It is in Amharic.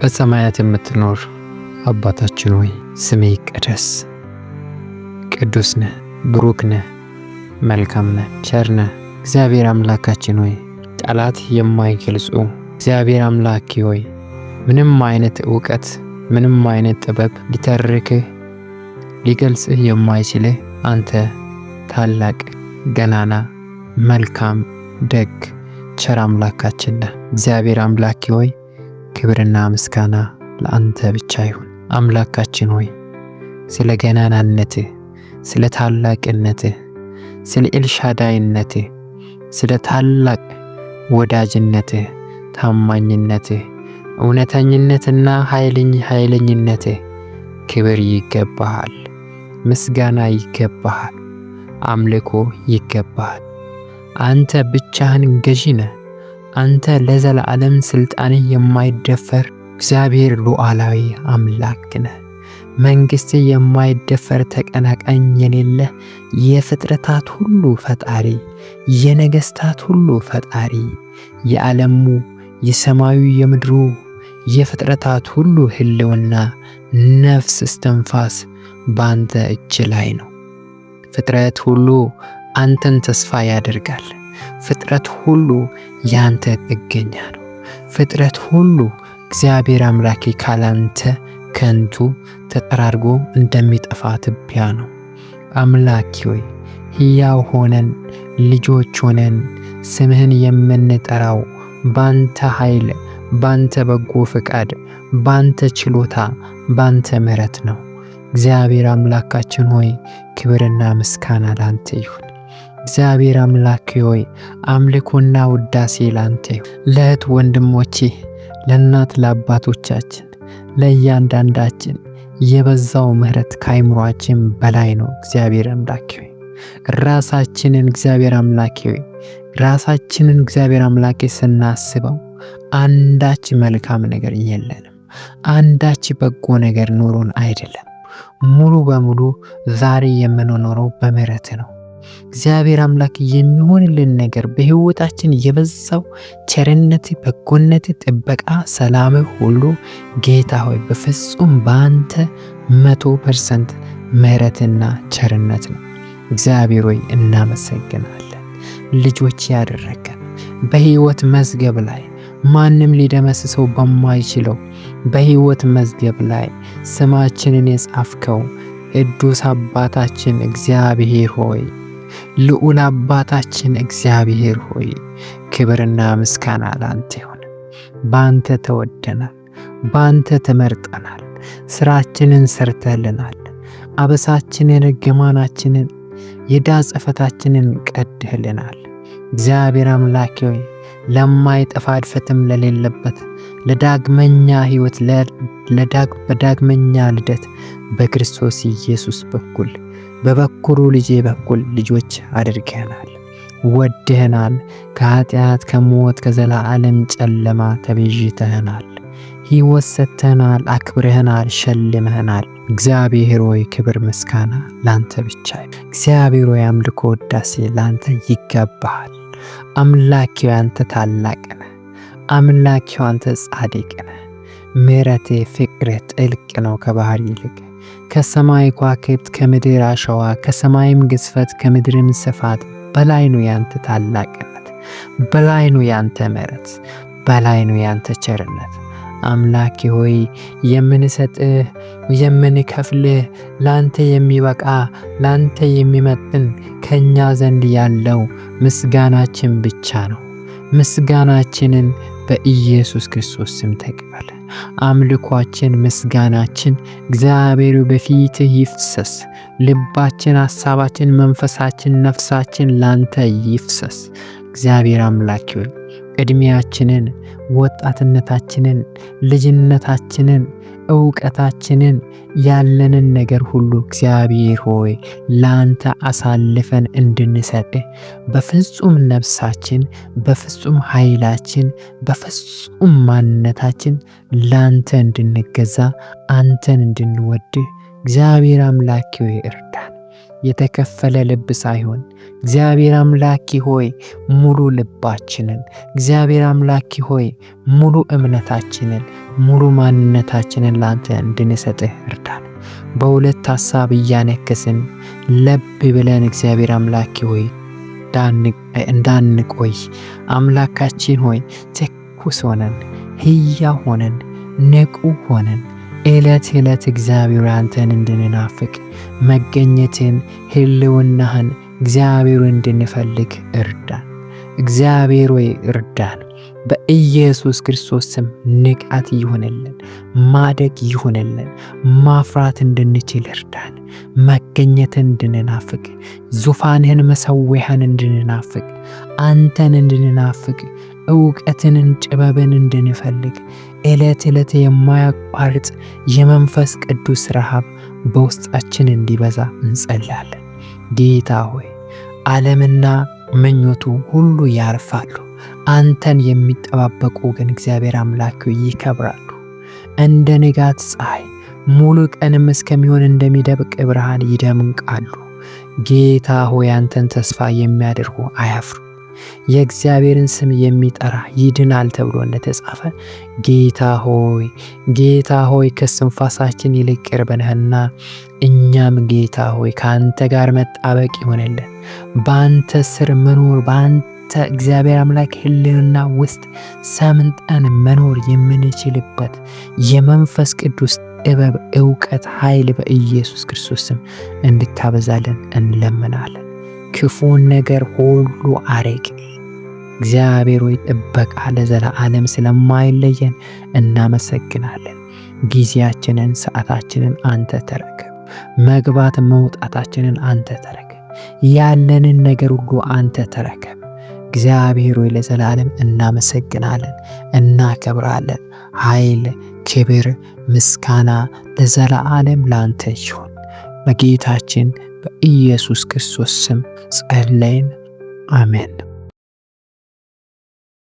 በሰማያት የምትኖር አባታችን ሆይ ስሜ ይቀደስ። ቅዱስ ነህ፣ ብሩክ ነህ፣ መልካም ነህ፣ ቸር ነህ። እግዚአብሔር አምላካችን ሆይ ጠላት የማይገልጹ እግዚአብሔር አምላኬ ሆይ ምንም አይነት እውቀት ምንም አይነት ጥበብ ሊተርክህ ሊገልጽህ የማይችልህ አንተ ታላቅ ገናና መልካም ደግ ቸር አምላካችን ነህ። እግዚአብሔር አምላኬ ሆይ ክብርና ምስጋና ለአንተ ብቻ ይሁን። አምላካችን ሆይ ስለ ገናናነትህ፣ ስለ ታላቅነትህ፣ ስለ ኤልሻዳይነትህ፣ ስለ ታላቅ ወዳጅነትህ፣ ታማኝነትህ፣ እውነተኝነትና ኃይልኝ ኃይለኝነትህ ክብር ይገባሃል። ምስጋና ይገባሃል። አምልኮ ይገባሃል። አንተ ብቻህን ገዢ ነህ። አንተ ለዘላለም ሥልጣንህ የማይደፈር እግዚአብሔር ሉዓላዊ አምላክ ነህ። መንግሥት የማይደፈር ተቀናቃኝ የሌለ የፍጥረታት ሁሉ ፈጣሪ፣ የነገሥታት ሁሉ ፈጣሪ፣ የዓለሙ የሰማዩ የምድሩ የፍጥረታት ሁሉ ሕልውና ነፍስ እስትንፋስ በአንተ እጅ ላይ ነው። ፍጥረት ሁሉ አንተን ተስፋ ያደርጋል። ፍጥረት ሁሉ ያንተ ጥገኛ ነው። ፍጥረት ሁሉ እግዚአብሔር አምላኬ ካላንተ ከንቱ ተጠራርጎ እንደሚጠፋ ትቢያ ነው። አምላኬ ሆይ ሕያው ሆነን ልጆች ሆነን ስምህን የምንጠራው ባንተ ኃይል፣ ባንተ በጎ ፈቃድ፣ ባንተ ችሎታ፣ ባንተ ምሕረት ነው። እግዚአብሔር አምላካችን ሆይ ክብርና ምስጋና ላንተ ይሁን። እግዚአብሔር አምላክ ሆይ አምልኮና ውዳሴ ላንተ ለእህት ወንድሞቼ፣ ለእናት ለአባቶቻችን፣ ለእያንዳንዳችን የበዛው ምሕረት ከአይምሯችን በላይ ነው። እግዚአብሔር አምላክ ሆይ ራሳችንን እግዚአብሔር አምላኬ ሆይ ራሳችንን እግዚአብሔር አምላኬ ስናስበው አንዳች መልካም ነገር የለንም። አንዳች በጎ ነገር ኖሮን አይደለም። ሙሉ በሙሉ ዛሬ የምንኖረው በምሕረት ነው። እግዚአብሔር አምላክ የሚሆንልን ነገር በህይወታችን የበዛው ቸርነት፣ በጎነት፣ ጥበቃ፣ ሰላም ሁሉ ጌታ ሆይ በፍጹም በአንተ መቶ ፐርሰንት ምህረትና ቸርነት ነው። እግዚአብሔር ሆይ እናመሰግናለን። ልጆች ያደረገን በህይወት መዝገብ ላይ ማንም ሊደመስሰው በማይችለው በህይወት መዝገብ ላይ ስማችንን የጻፍከው ቅዱስ አባታችን እግዚአብሔር ሆይ ልዑል አባታችን እግዚአብሔር ሆይ ክብርና ምስጋና ለአንተ ይሁን። በአንተ ተወደናል፣ በአንተ ተመርጠናል። ስራችንን ሰርተልናል። አበሳችንን፣ ገማናችንን፣ የዳ ጽፈታችንን ቀድህልናል። እግዚአብሔር አምላኬ ሆይ ለማይጠፋ እድፈትም ለሌለበት ለዳግመኛ ሕይወት በዳግመኛ ልደት በክርስቶስ ኢየሱስ በኩል በበኩሩ ልጄ በኩል ልጆች አድርገናል፣ ወድህናል። ከኃጢአት ከሞት ከዘላለም ጨለማ ተቤዥተህናል፣ ሕይወት ሰጥተህናል፣ አክብረህናል፣ ሸልመህናል። እግዚአብሔር ሆይ ክብር ምስጋና ላንተ ብቻ። እግዚአብሔር ሆይ አምልኮ ወዳሴ ላንተ ይገባሃል። አምላኪው አንተ ታላቅ ነህ። አምላኪው አንተ ጻድቅ ነህ። ምረቴ ፍቅርህ ጥልቅ ነው ከባህር ይልቅ ከሰማይ ከዋክብት ከምድር አሸዋ ከሰማይም ግዝፈት ከምድርም ስፋት በላይ ነው ያንተ ታላቅነት፣ በላይ ነው ያንተ ምሕረት፣ በላይ ነው ያንተ ቸርነት። አምላኬ ሆይ የምንሰጥህ የምንከፍልህ ላንተ የሚበቃ ላንተ የሚመጥን ከእኛ ዘንድ ያለው ምስጋናችን ብቻ ነው። ምስጋናችንን በኢየሱስ ክርስቶስ ስም ተቀበል። አምልኳችን፣ ምስጋናችን እግዚአብሔር በፊትህ ይፍሰስ። ልባችን፣ ሐሳባችን፣ መንፈሳችን፣ ነፍሳችን ላንተ ይፍሰስ። እግዚአብሔር አምላክ ዕድሜያችንን፣ ወጣትነታችንን፣ ልጅነታችንን፣ እውቀታችንን፣ ያለንን ነገር ሁሉ እግዚአብሔር ሆይ ለአንተ አሳልፈን እንድንሰጥ በፍጹም ነፍሳችን፣ በፍጹም ኃይላችን፣ በፍጹም ማንነታችን ለአንተ እንድንገዛ አንተን እንድንወድህ እግዚአብሔር አምላኪ ሆይ እርዳን። የተከፈለ ልብ ሳይሆን እግዚአብሔር አምላኪ ሆይ ሙሉ ልባችንን፣ እግዚአብሔር አምላኪ ሆይ ሙሉ እምነታችንን፣ ሙሉ ማንነታችንን ላንተ እንድንሰጥህ እርዳን። በሁለት ሐሳብ እያነከስን ለብ ብለን እግዚአብሔር አምላኪ ሆይ እንዳንቆይ አምላካችን ሆይ ትኩስ ሆነን ህያ ሆነን ንቁ ሆነን ዕለት ዕለት እግዚአብሔር አንተን እንድንናፍቅ መገኘትን፣ ህልውናህን እግዚአብሔር እንድንፈልግ እርዳን። እግዚአብሔር ወይ እርዳን። በኢየሱስ ክርስቶስ ስም ንቃት ይሁንልን፣ ማደግ ይሁንልን፣ ማፍራት እንድንችል እርዳን። መገኘትን እንድንናፍቅ፣ ዙፋንህን፣ መሰዊያህን እንድንናፍቅ፣ አንተን እንድንናፍቅ፣ እውቀትን ጥበብን እንድንፈልግ ዕለት ዕለት የማያቋርጥ የመንፈስ ቅዱስ ረሃብ በውስጣችን እንዲበዛ እንጸልያለን። ጌታ ሆይ ዓለምና ምኞቱ ሁሉ ያርፋሉ፣ አንተን የሚጠባበቁ ግን እግዚአብሔር አምላክ ይከብራሉ። እንደ ንጋት ፀሐይ ሙሉ ቀንም እስከሚሆን እንደሚደብቅ ብርሃን ይደምቃሉ። ጌታ ሆይ አንተን ተስፋ የሚያደርጉ አያፍሩ። የእግዚአብሔርን ስም የሚጠራ ይድናል ተብሎ እንደተጻፈ ጌታ ሆይ ጌታ ሆይ ከስንፋሳችን ይልቅ ቅርብ እኛም ጌታ ሆይ ከአንተ ጋር መጣበቅ ይሆንልን። በአንተ ስር መኖር በአንተ እግዚአብሔር አምላክ ህልንና ውስጥ ሰምጠን መኖር የምንችልበት የመንፈስ ቅዱስ ጥበብ፣ እውቀት፣ ኃይል በኢየሱስ ክርስቶስ ስም እንድታበዛልን እንለምናለን። ክፉን ነገር ሁሉ አርቅ። እግዚአብሔር ሆይ ጥበቃ ለዘላለም ስለማይለየን እናመሰግናለን። ጊዜያችንን፣ ሰዓታችንን አንተ ተረከብ። መግባት መውጣታችንን አንተ ተረከብ። ያለንን ነገር ሁሉ አንተ ተረከብ። እግዚአብሔር ሆይ ለዘላለም እናመሰግናለን፣ እናከብራለን። ኃይል፣ ክብር፣ ምስጋና ለዘላለም ላንተ ይሁን በጌታችን በኢየሱስ ክርስቶስ ስም ጸለይን፣ አሜን።